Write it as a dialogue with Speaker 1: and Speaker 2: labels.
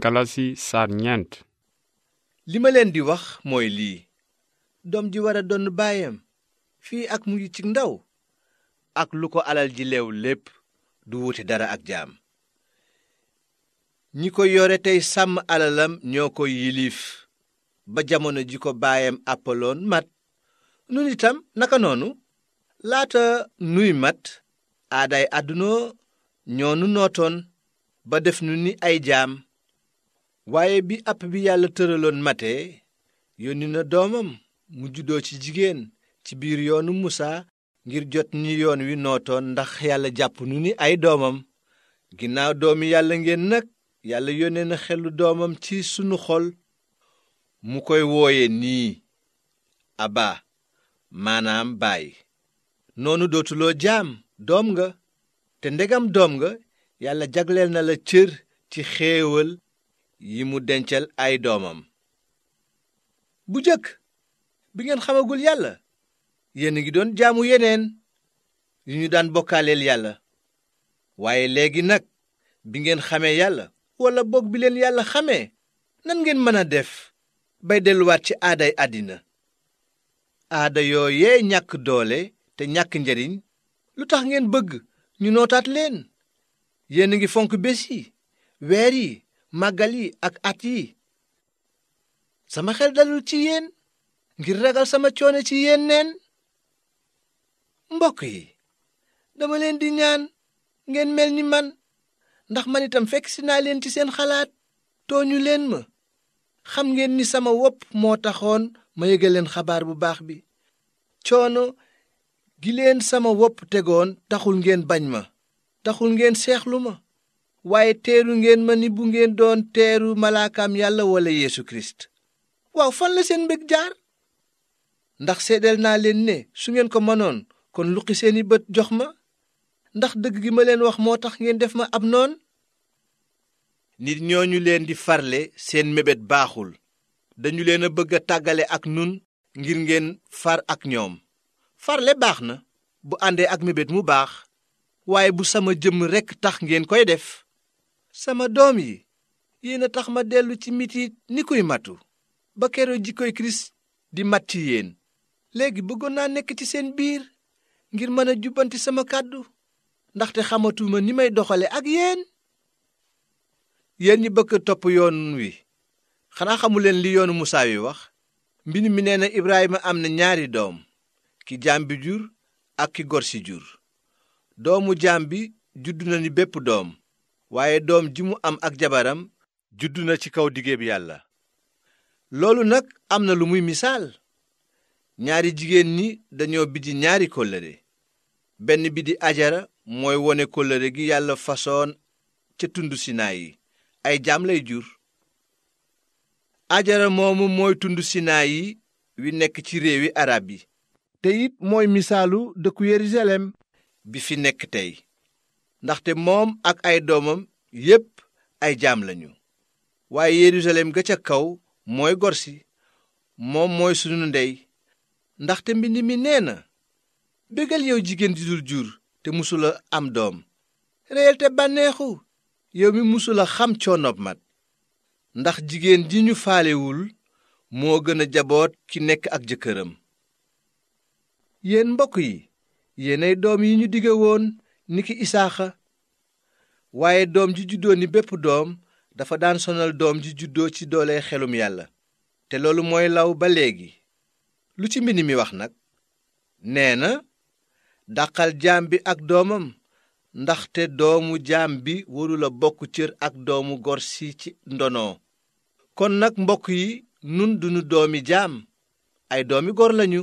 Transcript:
Speaker 1: galasi saar ñeent li ma leen di wax mooy lii doom ji war a donn baayam fii ak mujj ci ndaw ak lu ko alal ji leew lépp du wuute dara ak jaam ñi ko yore tey sàmm alalam ñoo ko yilif ba jamono ji ko baayam àppaloon mat nun itam naka noonu laata nuy mat aadaay àdduna ñoo nu nootoon ba def nu ni ay jaam waaye bi app bi yàlla tëraloon mate yónni na doomam mu juddoo ci jigéen ci biir yoonu musaa ngir jot ni yoon wi nootoon ndax yàlla jàpp nu ni ay doomam ginnaaw doomi yàlla ngeen nag yàlla yónnee na xelu doomam ci sunu xol mu koy wooye nii aba maanaam baay noonu dootuloo jaam doom nga te ndegam doom nga yàlla jagleel na la cër ci xéewal yi mu dencal ay doomam bu jëkk bi ngeen xamagul yàlla yéen a ngi doon jaamu yeneen yu ñu daan bokkaaleel yàlla waaye léegi nag bi ngeen xamee yàlla walla boog bi leen yàlla xamee nan ngeen mën a def bay delluwaat ci aaday àddina aada yoo yee ñàkk doole te ñàkk njariñ lu tax ngeen bëgg ñu nootaat leen yéen a ngi fonk bés yi weer yi màggal yi ak at yi sama xel dalul ci yéen ngir ragal sama coono ci yéen neen mbokk yi dama leen di ñaan ngeen mel ni man ndax man itam fekk si naa leen ci seen xalaat tooñu leen ma xam ngeen ni sama wopp moo taxoon ma yëgal leen xabaar bu baax bi coono gi leen sama wopp tegoon taxul ngeen bañ ma taxul ngeen seexlu ma waaye teeru ngeen ma ni bu ngeen doon teeru malaakaam yàlla walla yéesu Kirist waaw fan la seen mbég jaar ndax seddal naa leen ne su ngeen ko mënoon kon luqi seeni bët jox ma ndax dëgg gi ma leen wax moo tax ngeen def ma ab noon nit ñooñu leen di farle seen mébét baaxul dañu leen a bëgg a tàggale ak nun ngir ngeen far ak ñoom farle baax na bu àndee ak mébét mu baax waaye bu sama jëmm rekk tax ngeen koy def sama doom yi yéen a tax ma dellu ci mitiit ni kuy mattu ba keroo jikkoy kirist di mat ci yéen léegi bëggoon naa nekk ci seen biir ngir mën a jubbanti sama kàddu ndaxte xamatuma ni may doxale ak yéen yéen ñi bëkk topp yoon wi xanaa xamuleen li yoonu musaa wi wax mbind mi nee na ibrahima am na ñaari doom ki jaam bi jur ak ki gor si jur doomu jaam bi judd na ni bépp doom waaye doom ji mu am ak jabaram juddu na ci kaw digéeb yàlla loolu nag am na lu muy misaal ñaari jigéen ñi dañoo bidi ñaari kóllëre benn bi di ajara mooy wone kóllëre gi yàlla fasoon ca tund sinaay yi ay jaam lay jur ajara moomu mooy tund sinaay yi wi nekk ci réewi arab yi te it mooy misaalu dëkku yerusalem bi fi nekk tey ndaxte moom ak ay doomam yépp ay jaam lañu waaye Yerusalem ga ca kaw mooy gorsi moom mooy sunu ndey ndaxte mbind mi nee na bégal yow jigéen di dul jur te musula am doom réyal te bànneexu yow mi musula xam coonob mat ndax jigéen ji ñu falewul moo gën a jaboot ki nekk ak jëkkëram yéen mbokk yi yéenay doom yi ñu woon niki isaaxa waaye doom ji juddoo ni bépp doom dafa daan sonal doom ji juddoo ci doole xelum yàlla te loolu mooy law ba léegi lu ci mbind mi wax nag nee na dàqal jaam bi ak doomam ndaxte doomu jaam bi warula bokk cër ak doomu gor si ci ndonoo kon nag mbokk yi nun dunu doomi jaam ay doomi gor lañu